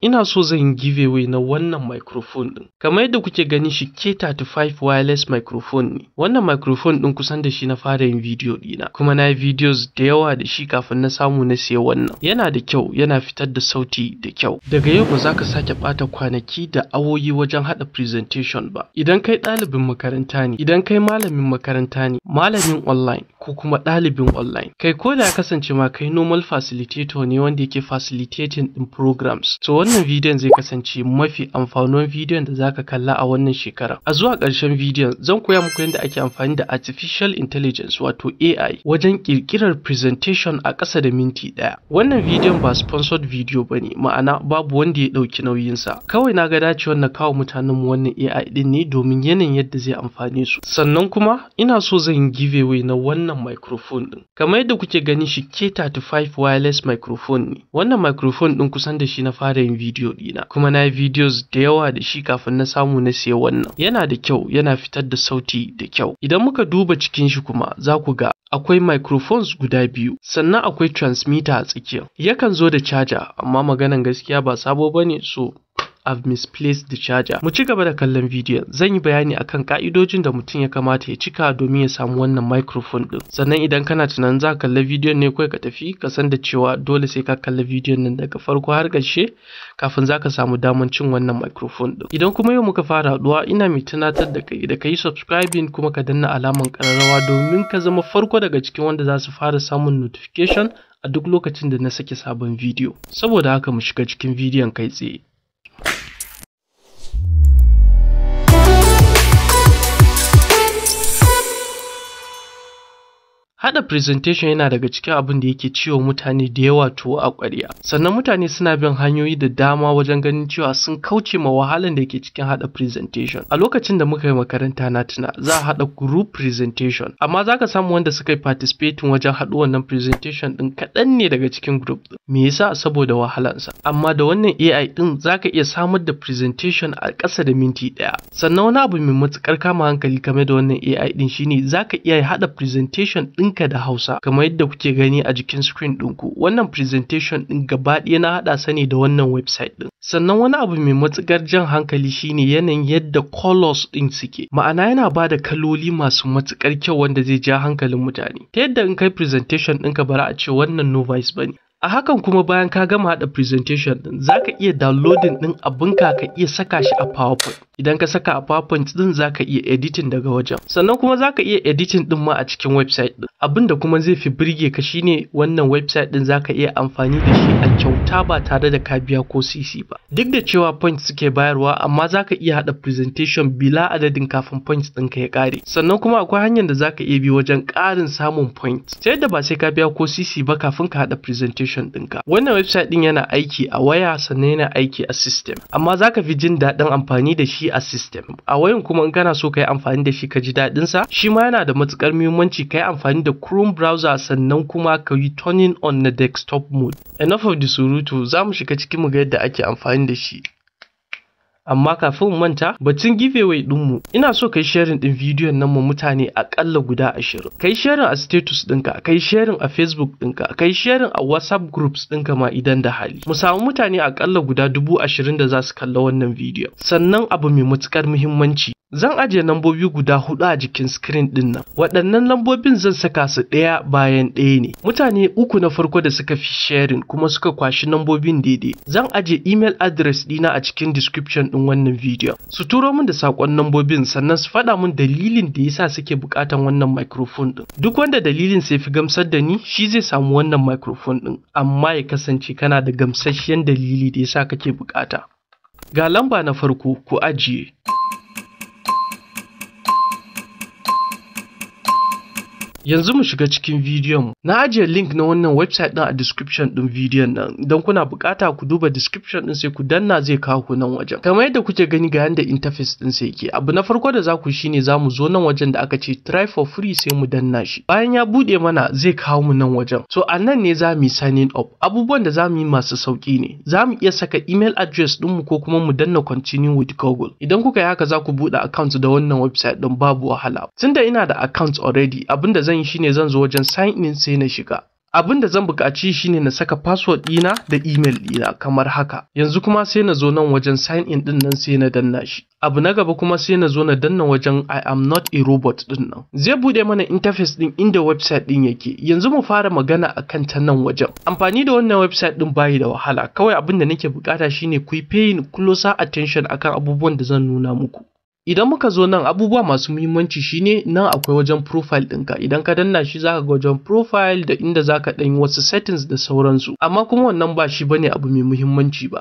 ina so zan yi giveaway na wannan microphone din kamar yadda kuke gani shi K35 wireless microphone ne wannan microphone din kusan da shi na fara yin video dina kuma na yi videos da yawa da shi kafin na samu na siya wannan yana da kyau yana fitar da sauti da kyau daga yau ba za ka sake bata kwanaki da awoyi wajen hada presentation ba idan kai ɗalibin makaranta ne idan kai malamin makaranta ne malamin online ko kuma ɗalibin online kai ko da kasance ma kai normal facilitator ne wanda yake facilitating din programs to Wannan bidiyon zai kasance mafi amfanuwan bidiyon da zaka kalla a wannan shekara. A zuwa ƙarshen bidiyon zan koya muku yadda ake amfani da artificial intelligence wato AI wajen ƙirƙirar presentation a ƙasa da minti ɗaya. Wannan bidiyon ba sponsored video bane ma'ana babu wanda ya ɗauki nauyinsa. Kawai na ga dacewar na kawo mutanen mu wannan AI din ne domin yanayin yadda zai amfane su. Sannan kuma ina so zan away na wannan microphone ɗin. Kamar yadda kuke gani shi K35 wireless microphone ne. Wannan microphone din kusan da shi na fara yin video bidiyo kuma na yi videos da yawa da shi kafin na samu na siya wannan yana da kyau yana fitar da sauti da kyau idan muka duba cikin shi kuma za ku ga akwai microphones guda biyu sannan akwai transmitter a tsakiya yakan zo da charger amma maganan gaskiya ba sabo bane so I've misplaced the charger. Mu ci gaba da kallon bidiyon. Zan yi bayani akan ka'idojin da mutum ya kamata ya cika domin ya samu wannan microphone din. Sannan idan kana tunanin za ka kalla bidiyon ne kawai ka tafi ka san da cewa dole sai ka kalli bidiyon nan daga farko har ƙarshe kafin za ka samu damar cin wannan microphone din. Idan kuma yau muka fara haɗuwa ina mai tunatar da kai da ka yi subscribing kuma ka danna alamar ƙararrawa domin ka zama farko daga cikin wanda za su fara samun notification a duk lokacin da na sake sabon bidiyo. Saboda haka mu shiga cikin bidiyon kai tsaye. Haɗa presentation yana daga cikin abin da yake ciwo mutane da yawa tuwo a ƙwarya. Sannan mutane suna bin hanyoyi da dama wajen ganin cewa sun kauce ma wahalan da yake cikin haɗa presentation. A lokacin da muka yi makaranta na tuna za a haɗa group presentation amma za ka samu wanda suka yi participating wajen haɗu wannan presentation ɗin kaɗan ne daga cikin group ɗin. Me yasa saboda wahalansa. Amma da wannan AI ɗin za ka iya samar da presentation a ƙasa da minti ɗaya. Sannan wani abu mai matuƙar kama hankali game da wannan AI ɗin shine za ka iya haɗa presentation ɗin Hausanka da Hausa kamar yadda kuke gani a jikin screen ɗinku wannan presentation ɗin gaba ɗaya na haɗa sa ne da wannan website ɗin sannan wani abu mai matukar jan hankali shine yanayin yadda colors ɗin suke ma'ana yana ba da kaloli masu matukar kyau wanda zai ja hankalin mutane ta yadda in kai presentation ɗinka bara a ce wannan novice bane a hakan kuma bayan ka gama haɗa presentation ɗin za ka iya downloading ɗin abinka ka iya saka shi a powerpoint idan ka saka a powerpoint ɗin za ka iya editing daga wajen sannan kuma za ka iya editing ɗin ma a cikin website ɗin abinda kuma zai fi birge ka shine wannan website ɗin za ka iya amfani da shi a kyauta ba tare da ka biya ko cc ba duk da cewa points suke bayarwa amma za ka iya haɗa presentation bila adadin kafin points ɗin ka ya ƙare sannan kuma akwai hanyar da za ka iya bi wajen ƙarin samun points Sai da ba sai ka biya ko cc ba kafin ka haɗa presentation application ɗinka wannan website ɗin yana aiki a waya sannan yana aiki a system amma zaka fi jin daɗin amfani da shi a system a wayan kuma in kana so ka yi amfani da shi ka ji daɗin sa shi ma yana da matukar muhimmanci ka yi amfani da chrome browser sannan kuma ka yi turning on na desktop mode enough of the surutu za mu shiga cikin mu ga yadda ake amfani da shi amma kafin manta batun giveaway dinmu ina so kai sharing din bidiyon nan mu mutane akalla guda 20 kai sharing a status dinka kai sharing a facebook dinka kai sharing a whatsapp groups dinka ma idan da hali mu samu mutane akalla guda dubu ashirin da za su kalla wannan bidiyon sannan abu mai matukar muhimmanci Zan ajiye lambobi guda hudu a jikin screen din nan. Waɗannan lambobin zan saka su ɗaya bayan ɗaya ne. Mutane uku na farko da suka fi sharing kuma suka kwashi lambobin daidai. Zan ajiye email address ɗina a cikin description din wannan video. Su turo min da sakon lambobin sannan su faɗa min dalilin da yasa suke buƙatan wannan microphone ɗin. Duk wanda dalilin sai fi gamsar da ni shi zai samu wannan microphone ɗin amma ya kasance kana da gamsasshen dalili da yasa kake buƙata. Ga lamba na farko ku ajiye. Yanzu mu shiga cikin bidiyon mu. Na ajiye link na wannan website ɗin a description ɗin bidiyon nan. Idan kuna bukata ku duba description din sai ku danna zai kawo ku nan wajen. Kamar yadda kuke gani ga yanda interface ɗin sai yake. Abu na farko da za ku shine za mu zo nan wajen da aka ce try for free sai mu danna shi. Bayan ya buɗe mana zai kawo mu nan wajen. So a nan ne za mu yi signing up. Abubuwan da za mu yi masu sauki ne. Za mu iya saka email address din mu ko kuma mu danna continue with Google. Idan kuka yi haka za ku buɗe account da wannan website ɗin babu wahala. Tunda ina da account already abinda zan zan yi shine zan zo wajen sign in sai na shiga abin da zan buƙaci shine na saka password dina da email ɗina kamar haka yanzu kuma sai na zo nan wajen sign in ɗin nan sai na danna shi abu na gaba kuma sai na zo na danna wajen I am not a robot din nan. Zai buɗe mana interface ɗin inda website ɗin yake. Yanzu mu fara magana akan ta nan wajen. Amfani da wannan website din bayi da wahala. Kawai abin da nake buƙata shine ku yi paying closer attention akan abubuwan da zan nuna muku. idan muka zo nan abubuwa masu muhimmanci shine nan akwai wajen profile ɗinka idan ka danna shi zaka ga wajen profile da inda zaka ɗan yi wasu settings da sauransu amma kuma wannan ba shi bane abu mai muhimmanci ba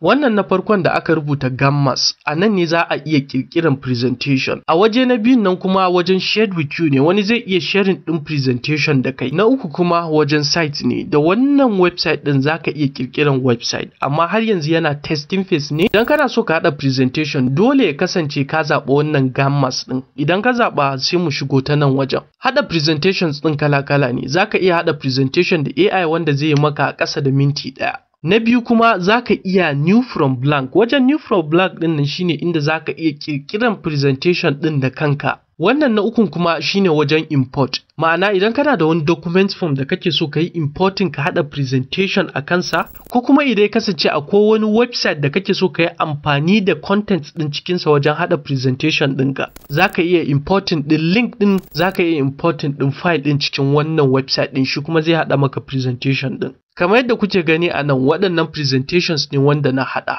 Wannan na farkon da aka rubuta gammas a nan ne za a iya kirkiran presentation. A waje na biyun nan kuma wajen shared with you ne wani zai iya sharing din presentation da kai. Na uku kuma wajen site ne da wannan website din za ka iya kirkiran website amma har yanzu yana testing phase ne. Idan kana so ka haɗa presentation dole ya kasance ka zaɓa wannan gammas din. Idan ka zaɓa sai mu shigo ta nan wajen. Haɗa presentations ɗin kala-kala ne za ka iya haɗa presentation da AI wanda zai yi maka a ƙasa da minti ɗaya. na biyu kuma za ka iya new from blank wajen new from blank ɗin nan shine inda za ka iya ƙirƙiran presentation ɗin da kanka Wannan na ukun kuma shine wajen import. Ma'ana idan kana da wani document form da kake so ka yi importing ka haɗa presentation a kansa, ko kuma idan ya kasance akwai wani website da kake so ka yi amfani da contents ɗin cikinsa wajen haɗa presentation ɗinka. Za ka iya importing ɗin link ɗin, za ka iya importing ɗin file ɗin cikin wannan website ɗin shi kuma zai haɗa maka presentation ɗin. kamar yadda kuke gani a nan waɗannan presentations ne wanda na haɗa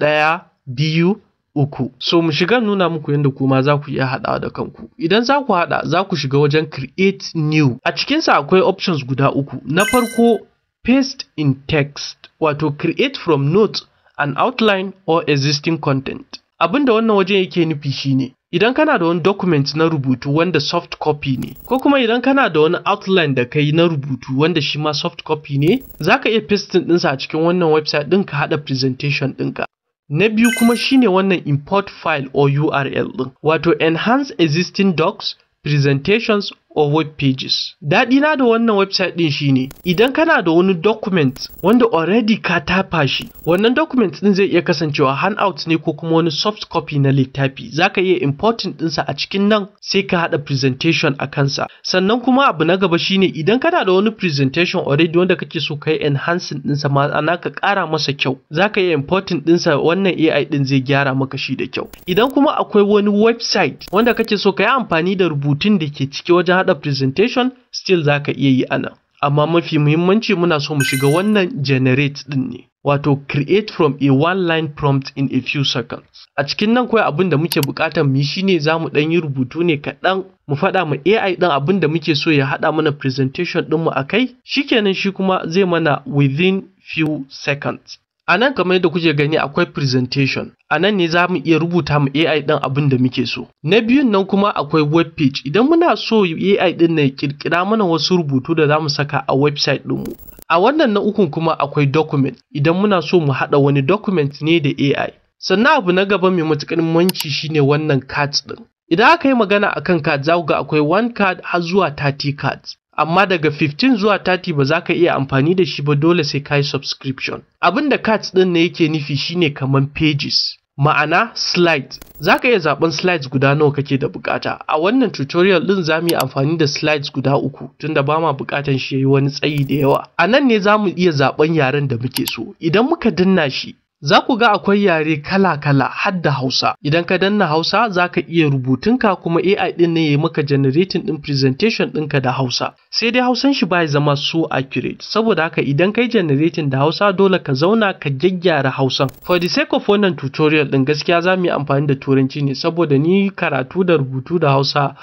ɗaya biyu uku so mu shiga nuna muku yadda kuma za ku iya haɗawa da kanku idan za ku haɗa za ku shiga wajen create new a cikinsa akwai options guda uku na farko paste in text wato create from notes an outline or existing content abinda wannan wajen yake nufi shine idan kana da wani document na rubutu wanda soft copy ne ko kuma idan kana da wani outline da kai na rubutu wanda shi ma soft copy ne za ka iya pasting ɗinsa a cikin wannan website ɗin ka haɗa presentation ɗinka Na biyu kuma shine wannan import file or URL ɗin, wato enhance existing docs, presentations or web pages. daɗi na da wannan website ɗin shine idan kana da wani document wanda already ka tafa shi, wannan document ɗin zai iya kasancewa handout ne ko kuma wani soft copy na littafi. Za ka iya important ɗinsa a cikin nan sai ka haɗa presentation a kansa. Sannan kuma abu na gaba shine idan kana da wani presentation already wanda kake so ka yi enhancing ɗinsa ma'ana ka ƙara masa kyau, za ka iya important ɗinsa wannan AI ɗin zai gyara maka shi da kyau. Idan kuma akwai wani website wanda kake so ka yi amfani da rubutun da ke ciki wajen Faɗa presentation still za ka iya yi ana, amma mafi muhimmanci muna so mu shiga wannan generate ɗin ne wato create from a one line prompt in a few seconds a cikin nan kawai abin da muke bukatar mu shine za mu ɗan yi rubutu ne kaɗan mu faɗa ma AI ɗin abin da muke so ya haɗa mana presentation ɗinmu a kai kenan shi kuma zai mana within few seconds A nan kamar yadda kuke gani akwai presentation, a nan ne za mu iya rubuta ma AI ɗin abin da muke so. Na biyun nan kuma akwai web page, idan muna so AI ɗin na ƙirƙira mana wasu rubutu da za mu saka a website ɗinmu. A wannan na ukun kuma akwai document, idan muna so mu haɗa wani document ne da AI. Sannan abu na gaba mai matuƙar muhimmanci shine wannan cards ɗin. Idan aka yi magana akan cards za ku ga akwai one card har zuwa 30 cards. amma daga 15 zuwa 30 ba za ka iya amfani da shi ba dole sai ka subscription Abinda da cards ɗin ne yake nufi shine kaman pages ma'ana slides za ka iya zaben slides guda nawa kake da bukata a wannan tutorial ɗin za mu yi amfani da slides guda uku tunda ba ma bukatan shi ya yi wani tsayi da yawa a nan ne za mu iya zaben yaren da muke so idan muka danna shi Za ku ga akwai yare kala-kala har da Hausa. Idan ka danna Hausa za ka iya rubutunka kuma AI din ne ya maka generating ɗin presentation ɗinka da Hausa. Sai dai Hausan shi ba ya zama so accurate saboda haka idan ka yi generating da Hausa dole ka zauna ka gyaggyara Hausan. For the sake of wannan tutorial ɗin gaskiya za mu yi amfani da Turanci ne saboda ni karatu da rubutu da Hausa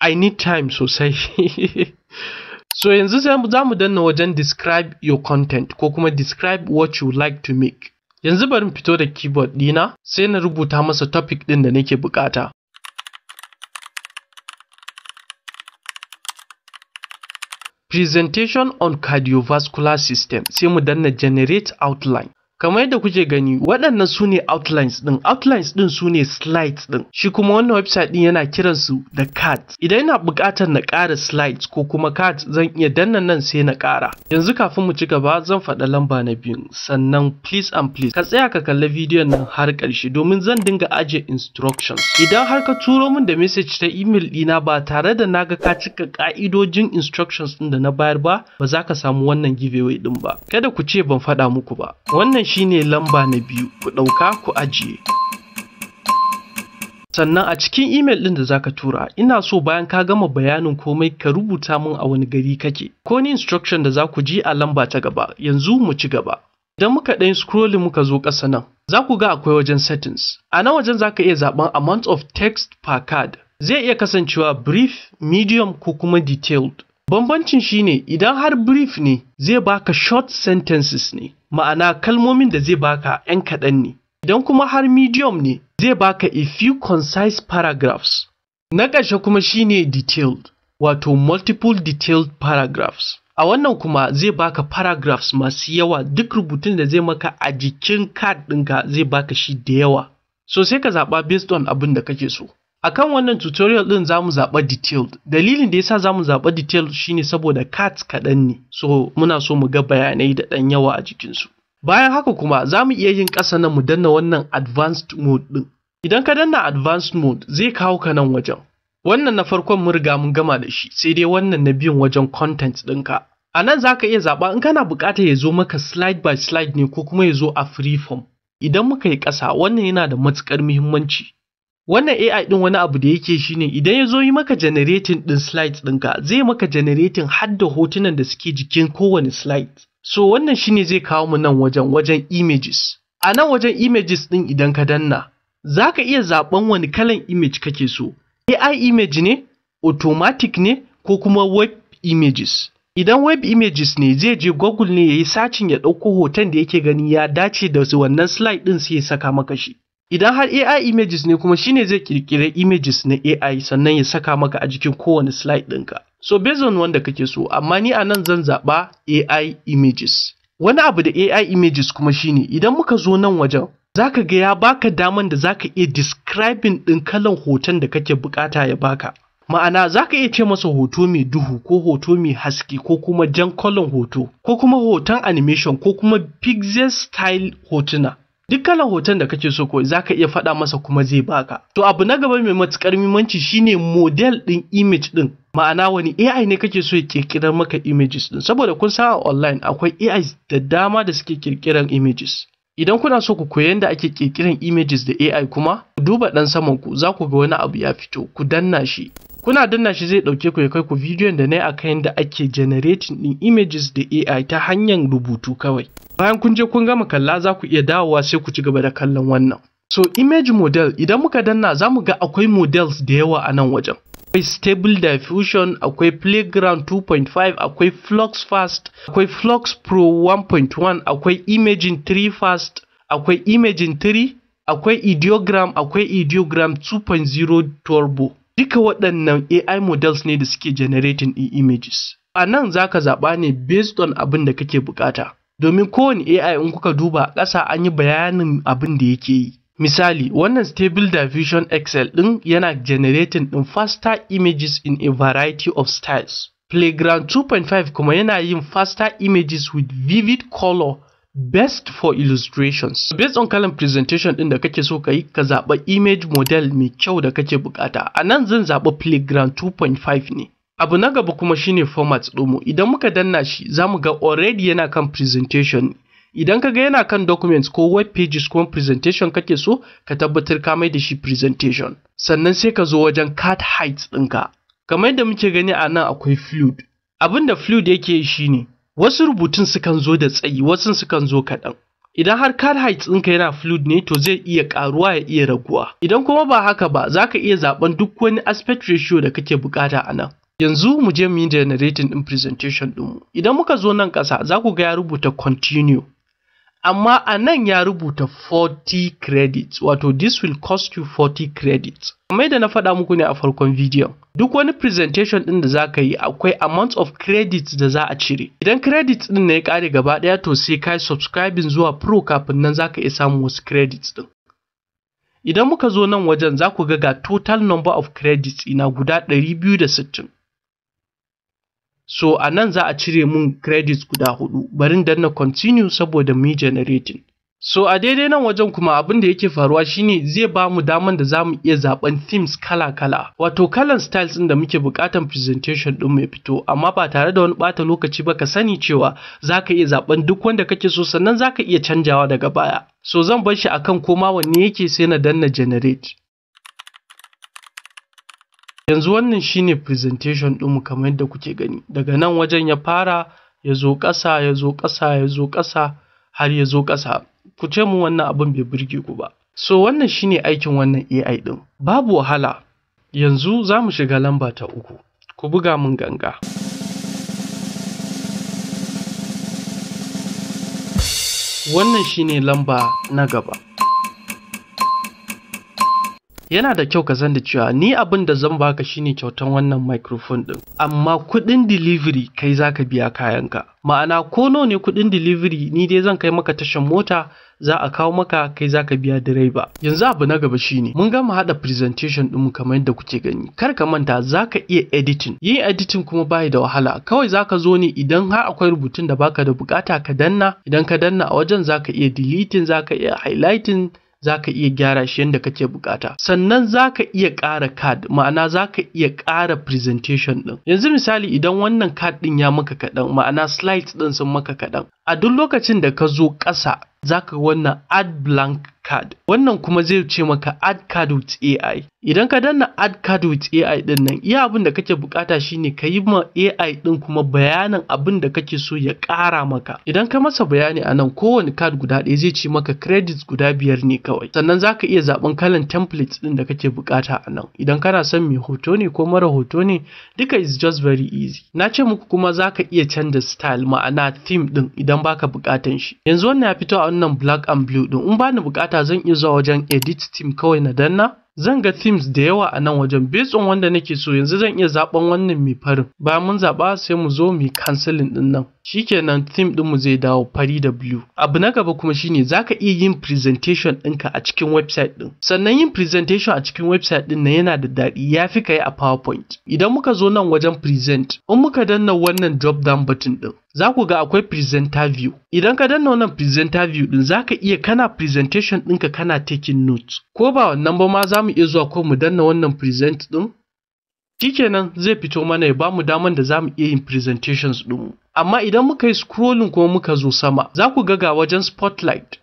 I need time sosai. so yanzu za mu danna wajen describe your content ko kuma describe what you like to make. Yanzu bari fito da keyboard dina sai na rubuta masa topic ɗin da nake buƙata. Presentation on cardiovascular system sai mu danna generate outline. kamar yadda kuke gani waɗannan su ne outlines ɗin outlines ɗin su ne slides ɗin shi kuma wannan website ɗin yana kiransu da cards idan ina buƙatar na ƙara slides ko kuma cards zan iya danna nan sai na ƙara yanzu kafin mu ci gaba zan faɗa lamba na biyu sannan please and please ka tsaya ka kalli bidiyon nan har ƙarshe domin zan dinga ajiye instructions idan har ka turo min da message ta email ɗina ba tare da naga ka cika ƙa'idojin instructions ɗin da na bayar ba ba za ka samu wannan giveaway ɗin ba kada ku ce ban faɗa muku ba wannan shine lamba na biyu ku ɗauka ku ajiye. Sannan a cikin imel ɗin da za ka tura, ina so bayan ka gama bayanin komai ka rubuta min a wani gari kake, ko ni instruction da za ku ji a lamba ta gaba, yanzu mu ci gaba. Idan muka ɗan scrolling muka zo ƙasa nan, za ku ga akwai wajen settings. A nan wajen za ka iya zaɓen amount of text per card. Zai iya kasancewa brief, medium ko kuma detailed. Bambancin shine idan har brief ne zai baka short sentences ne, ma'ana kalmomin da zai baka 'yan kaɗan ne idan kuma har medium ne zai baka a few concise paragraphs na ƙarshe kuma shine detailed wato multiple detailed paragraphs a wannan kuma zai baka paragraphs masu yawa duk rubutun da zai maka a jikin card ɗinka zai baka shi da yawa so sai ka zaɓa based on abin da kake so A kan wannan tutorial din mu zaɓa detailed dalilin da ya sa za mu zaɓa detailed shine saboda cards kaɗan ne so muna so mu ga bayanai da ɗan yawa a jikinsu bayan haka kuma za mu iya yin ƙasa na mu danna wannan advanced mode ɗin. idan ka danna advanced mode zai kawo ka nan wajen wannan na farkon mun riga mun gama da shi sai dai wannan na biyun wajen content ɗinka a nan za ka iya zaɓa in kana buƙatar ya zo maka slide by slide ne ko kuma ya zo a free form idan muka yi ƙasa wannan yana da matuƙar muhimmanci wannan AI din wani abu da yake shine idan ya zo yi maka generating ɗin slides ɗinka zai maka generating har da hotunan da suke jikin kowane slide so wannan shine zai kawo mu nan wajen wajen images a nan wajen images din idan ka danna za ka iya zaɓen wani kalan image kake so AI image ne automatic ne ko kuma web images idan web images ne zai je google ne ya yi sacin ya ɗauko hoton da yake gani ya dace da wannan slide ɗin sai ya saka maka shi idan har AI images ne kuma shine zai kirkire images na AI sannan ya saka maka a jikin kowane slide ɗinka. So based on wanda kake so, amma ni a nan zan zaɓa AI images. Wani abu da AI images kuma shine idan muka zo nan wajen zaka ga ya baka daman da zaka iya describing ɗin kalan hoton da kake bukata ya baka. Ma'ana zaka iya ce masa hoto mai duhu ko hoto mai haske ko kuma jan kalan hoto ko kuma hoton animation ko kuma pixel style hotuna. duk kalan hoton da kake so ko za ka iya faɗa masa kuma zai baka to abu na gaba mai matukar muhimmanci shine model ɗin image ɗin ma'ana wani AI ne kake so ya kirkirar maka images ɗin? saboda kun san online akwai AI da dama da suke kirkirar images Idan kuna so ku koyi yadda ake ƙirƙiran images da AI kuma, ku duba ɗan saman ku za ku ga wani abu ya fito, ku danna shi. Kuna danna shi zai ɗauke ku ya kai ku bidiyon da na yi a kan yadda ake generating ɗin images da AI ta hanyar rubutu kawai. Bayan kun je kun gama kalla za ku iya dawowa sai ku ci gaba da kallon wannan. So image model idan muka danna za mu ga akwai models da yawa a nan wajen. akwai stable diffusion akwai playground 2.5 akwai flux fast akwai flux pro 1.1 akwai imaging 3 fast akwai imaging 3 akwai ideogram akwai ideogram 2.0 turbo duka waɗannan ai models ne da suke generating in images a nan za ka zaɓa ne based on abin da kake bukata domin kowane ai in kuka duba ƙasa an yi bayanin abin da yake yi Misali, wannan Stable Diffusion XL ɗin yana generating ɗin faster images in a variety of styles. Playground 2.5 kuma yana yin faster images with vivid color best for illustrations. Based on kalan presentation ɗin da kake so ka yi, ka zaɓa image model mai kyau da kake bukata. A nan zan zaɓa Playground 2.5 ne. Abu na gaba kuma shine format ɗinmu. Idan muka danna shi, za mu ga already yana kan presentation idan ka ga yana kan documents ko web pages ko presentation kake so ka tabbatar ka mai da shi presentation sannan sai ka zo wajen card height ɗinka kamar yadda muke gani a nan akwai fluid abin da fluid yake yi shine wasu rubutun sukan zo da tsayi wasu sukan zo kaɗan idan har card height ɗinka yana fluid ne to zai iya ƙaruwa ya iya raguwa idan kuma ba haka ba za ka iya zaɓen duk wani aspect ratio da kake buƙata a nan yanzu mu je mu yi generating ɗin presentation ɗinmu idan muka zo nan ƙasa za ku ga ya rubuta continue amma a nan ya rubuta 40 credits wato this will cost you 40 credits kamar da na faɗa muku ne a farkon bidiyon duk wani presentation ɗin da za ka yi akwai amount of credits da za a cire idan credits ɗin na ya ƙare gaba ɗaya to sai ka subscribing zuwa pro kafin nan za ka iya samun wasu credits ɗin idan muka zo nan wajen za ku ga ga total number of credits ina guda 260 So a nan za a cire mun credits guda hudu, barin na continue saboda mu generating. So a daidai nan wajen kuma abin da yake faruwa shine zai ba mu daman da za mu iya zaben themes kala-kala, wato kalan styles ɗin da muke buƙatan presentation ɗin mai fito, amma ba tare da wani bata lokaci ba ka sani cewa za ka iya zaben duk wanda kake so sannan za ka iya canjawa daga baya. So zan bar shi akan koma wanne yake sai na danna generate. yanzu wannan shine presentation ɗinmu kamar yadda kuke gani daga nan wajen ya fara ya zo ƙasa ya zo ƙasa ya zo ƙasa har ya zo ƙasa ku ce mu wannan abin bai burge ku ba so wannan shine aikin wannan AI ɗin babu wahala yanzu za mu shiga lamba ta uku ku buga mun ganga wannan shine lamba na gaba yana da kyau ka san da cewa ni abin da zan baka shine kyautan wannan microphone din amma kuɗin delivery kai zaka biya kayanka ma'ana ko ne kuɗin delivery ni dai zan kai maka tashan mota za a kawo maka kai zaka biya direba yanzu abu na gaba shine mun gama hada presentation ɗinmu kamar yadda kuke gani kar ka manta zaka iya editing yin editing kuma bai da wahala kawai zaka zo ne idan har akwai rubutun da baka da bukata ka danna idan ka danna a wajen zaka iya deleting zaka iya highlighting za ka iya gyara shi yadda kake bukata sannan za ka iya ƙara card ma'ana za ka iya ƙara presentation ɗin yanzu misali idan wannan card ɗin ya maka kaɗan ma'ana slides ɗin sun maka kaɗan a duk lokacin da ka zo ƙasa za ka wannan add blank card wannan kuma zai ce maka add card with AI idan ka danna add card with AI din nan iya abin da kake bukata shine ka yi ma AI din kuma bayanin abin da kake so ya ƙara maka idan ka masa bayani a nan kowane card guda ɗaya zai ci maka credits guda biyar ne kawai sannan za ka iya zaɓen kalan templates ɗin da kake bukata a nan idan kana son mai hoto ne ko mara hoto ne duka is just very easy na ce muku kuma za ka iya canza style ma'ana theme ɗin idan baka bukatan shi yanzu wannan ya fito a wannan black and blue din in bani bukata zan iya zuwa wajen edit theme kawai na danna zan ga themes da yawa a nan wajen betson wanda nake so yanzu zan iya zaben wannan mai farin bayan mun zaba sai mu zo mu yi canceling din nan shikenan din ɗinmu zai dawo fari da blue abu na gaba kuma shine zaka iya yin presentation ɗinka a cikin website ɗin sannan yin presentation a cikin website ɗin na yana da daɗi ya fi kai a powerpoint idan muka zo nan wajen present in muka danna wannan drop down button din za ku ga akwai presenter view idan ka danna wannan presenter view din za iya kana presentation ɗinka kana taking notes ko ba wannan ba ma za mu iya zuwa ko mu danna wannan present din? shikenan zai fito mana ya bamu daman da zamu iya yin presentations ɗinmu amma idan muka yi scrolling kuma muka zo sama za ku ga ga wajen spotlight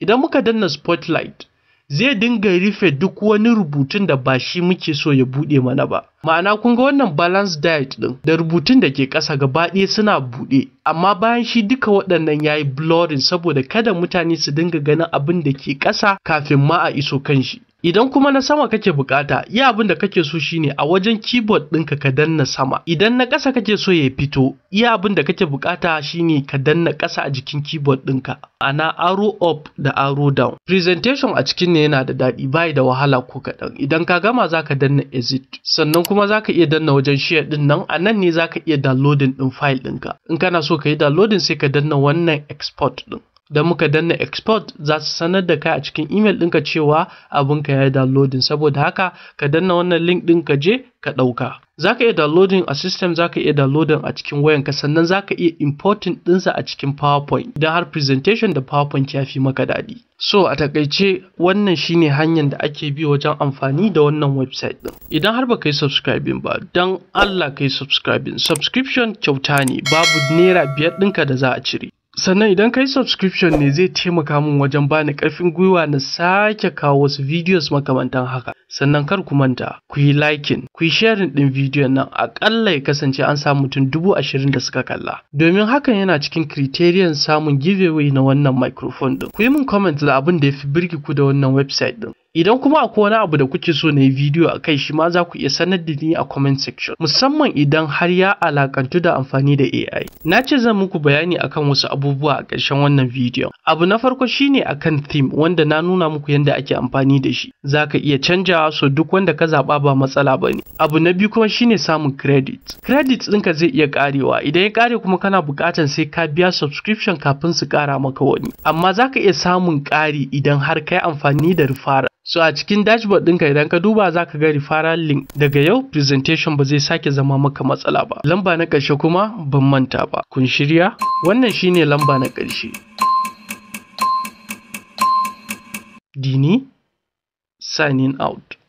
idan muka danna spotlight zai dinga rufe duk wani rubutun da ba shi muke so ya buɗe mana ba ma'ana kun ga wannan balance diet din da rubutun da ke ƙasa gaba ɗaya suna buɗe amma bayan shi duka waɗannan ya yi blurring saboda kada mutane su dinga ganin abin da ke ƙasa kafin ma a iso kan shi Idan kuma na sama kake bukata, iya abin da kake so shine a wajen keyboard ɗinka ka danna sama. Idan na ƙasa kake so ya fito, iya abin da kake bukata shine ka danna ƙasa a jikin keyboard ɗinka. Ana arrow up da arrow down. Presentation a cikin ne yana da daɗi, bai da wahala ko kaɗan. Idan ka gama za ka danna exit. Sannan kuma za ka iya danna wajen share ɗin nan, a nan ne za ka iya downloading ɗin file ɗinka. In kana so ka yi downloading sai ka danna wannan export ɗin. da muka danna export za su sanar da kai a cikin email ɗinka cewa abinka ya yi downloading saboda haka ka danna wannan link ɗin ka je ka ɗauka. Za ka iya downloading a system za ka iya downloading a cikin wayanka sannan za ka iya importing ɗinsa a cikin PowerPoint idan har presentation da PowerPoint ya fi maka daɗi. So a takaice wannan shine hanyar da ake bi wajen amfani da wannan website ɗin. Idan har baka yi subscribing ba don Allah ka yi subscribing. Subscription kyauta ne babu naira biyar ɗinka da za a cire. sannan idan ka subscription ne zai taimaka min wajen bani karfin gwiwa na sake kawo wasu videos makamantan haka sannan kar ku manta ku yi liking ku yi sharing din video nan akalla ya kasance an samu mutum dubu ashirin da suka kalla domin hakan yana cikin criterion samun giveaway na wannan microphone din ku yi min comment da abin da ya fi birgi ku da wannan website din Idan kuma akwai wani abu da kuke so na yi bidiyo a kai shi ma za ku iya sanar da ni a comment section musamman idan har ya alakantu da amfani da AI. Na ce zan muku bayani akan wasu abubuwa a ƙarshen wannan bidiyo. Abu na farko shine akan theme wanda na nuna muku yadda ake amfani da shi. Za ka iya canjawa so duk wanda ka zaɓa ba matsala ba ne. Abu na biyu kuma shine samun credit. Credit ɗinka zai iya ƙarewa idan ya ƙare kuma kana buƙatar sai ka biya subscription kafin su ƙara maka wani. Amma za ka iya samun ƙari idan har ka yi amfani da rufara. So a cikin dashboard ɗinka idan ka duba za ka ga referral link. Daga yau presentation ba zai sake zama maka matsala ba. Lamba na ƙarshe kuma ban manta ba. Kun shirya? Wannan shine lamba na ƙarshe. Dini signing out.